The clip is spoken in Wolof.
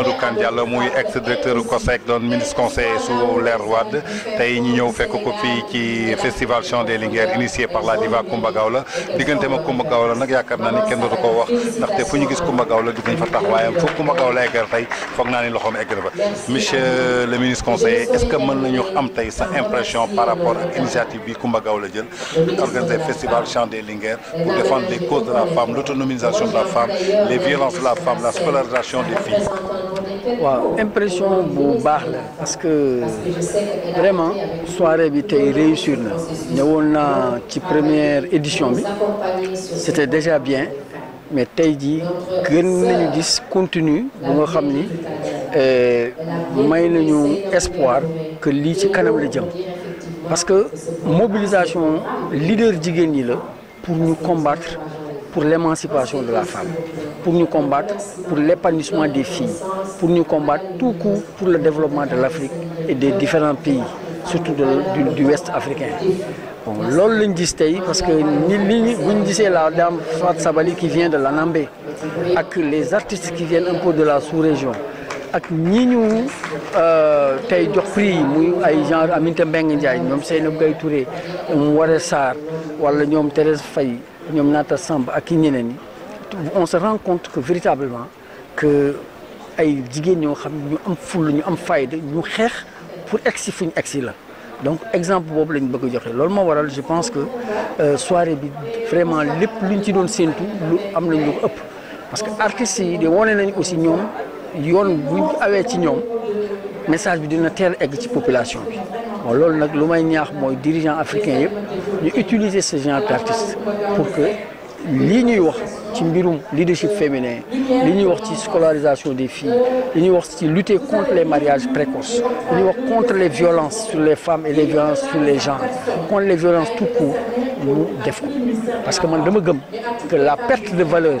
Mamadou Kane Diallo muy ex directeur COSEC don ministre conseiller sous l'ère Wade tay ñi ñëw fekk ko fi ci festival Chant des lingères initié par la diva Kumba Gawla diggante ma Coumba Gawla nak yaakaar naa ni kenn dootu ko wax ndaxte fu ñu gis Coumba Gawla gis nañ fa waye fu Coumba Gawla eggal tay foog naa ni loxoom egg monsieur le ministre conseiller est-ce que mën nañu am tay sa impression par rapport à initiative bi Kumba Gawla jël organiser festival Chant des lingères pour défendre les causes de la femme l'autonomisation de la femme les violences de la femme la scolarisation des filles wa impression bu baax parce que vraiment soirée bi réussie. réussir na ñëwoon naa ci première édition c'était déjà bien mais nous avons gën nañu gis continue bu nga xam ni euh, may nañu espoir que lii ci kanam la jëm parce que mobilisation leader jigéen ñi pour nous combattre pour l'émancipation de la femme, pour nous combattre pour l'épanouissement des filles, pour nous combattre tout court pour le développement de l'Afrique et des différents pays, surtout du, du, West africain. Bon, parce que vous disiez la dame Fat Sabali qui vient de la l'Anambé, avec les artistes qui viennent un peu de la sous-région, ak ñi ñu euh tay jox prix yi muy ay genre aminta mbeng Ndiaye ñom Seynabou Gaye Touré mu Waré Sarr wala ñom Thérèse Faye ñom Nata Samb ak i ñeneen ni on se rend compte que véritablement que ay jigéen ñoo xam ñu am fulla ñu am fayda ñu xex pour egsi fuñ ñu la donc exemple bobu lañ bëgg a joxe loolu ma waral je pense que euh, soirée bi vraiment lépp luñ ci doon sentu lu am nañ lu ëpp parce que artistes yi di wone nañ aussi ñoom ils y a un message de notre population Alors, bon dirigeant africain utiliser ce genre artistes pour que l'Union, ñuy leadership féminin li scolarisation des filles li ñuy lutter contre les mariages précoces li contre les violences sur les femmes et les violences sur les gens, contre les violences tout court nous défendons. parce que je dama que la perte de valeur